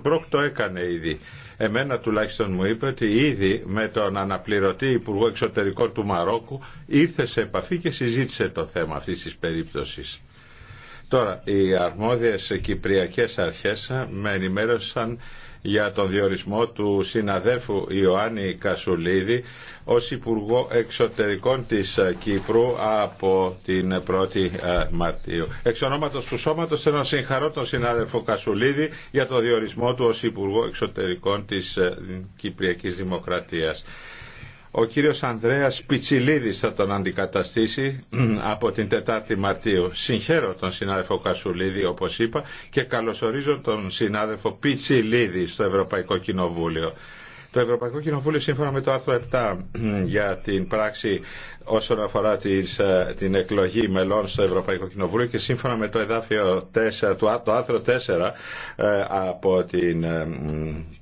Μπροκ το έκανε ήδη. Εμένα τουλάχιστον μου είπε ότι ήδη με τον αναπληρωτή Υπουργό Εξωτερικών του Μαρόκου ήρθε σε επαφή και συζήτησε το θέμα αυτής της περίπτωσης. Τώρα, οι αρμόδιες κυπριακές αρχές με ενημέρωσαν για τον διορισμό του συναδέλφου Ιωάννη Κασουλίδη ως Υπουργό Εξωτερικών της Κύπρου από την 1η ε, Μαρτίου. Εξ ονόματος του Σώματος θέλω να συγχαρώ τον συνάδελφο Κασουλίδη για τον διορισμό του ως Υπουργό Εξωτερικών της ε, Κυπριακής Δημοκρατίας. Ο κύριος Ανδρέας Πιτσιλίδης θα τον αντικαταστήσει από την 4η Μαρτίου. Συγχαίρω τον συνάδελφο Κασουλίδη όπως είπα και καλωσορίζω τον συνάδελφο Πιτσιλίδη στο Ευρωπαϊκό Κοινοβούλιο. Το Ευρωπαϊκό Κοινοβούλιο σύμφωνα με το άρθρο 7 για την πράξη όσον αφορά τις, ε, την εκλογή μελών στο Ευρωπαϊκό Κοινοβούλιο και σύμφωνα με το εδάφιο 4, το, το άρθρο 4 ε, από την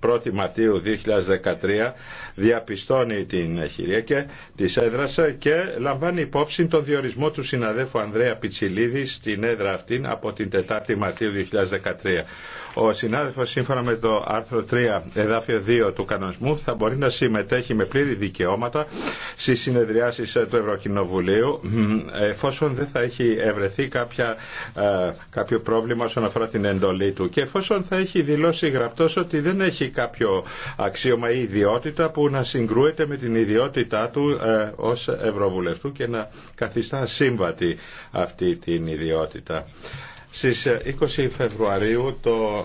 1η ε, Μαρτίου 2013 διαπιστώνει την χειρία και της έδρασε και λαμβάνει υπόψη τον διορισμό του συναδέφου Ανδρέα Πιτσιλίδη στην έδρα αυτή από την 4η Μαρτίου 2013. Ο συνάδελφος σύμφωνα με το άρθρο 3 εδάφιο 2 του κανονισμού θα μπορεί να συμμετέχει με πλήρη δικαιώματα στις συνεδριάσεις ε, του Ευρωκοινοβουλίου εφόσον δεν θα έχει ευρεθεί κάποια, ε, κάποιο πρόβλημα όσον αφορά την εντολή του και εφόσον θα έχει δηλώσει γραπτός ότι δεν έχει κάποιο αξίωμα ή ιδιότητα που να συγκρούεται με την ιδιότητά του ε, ως Ευρωβουλευτού και να καθιστά σύμβατη αυτή την ιδιότητα. Στις 20 Φεβρουαρίου το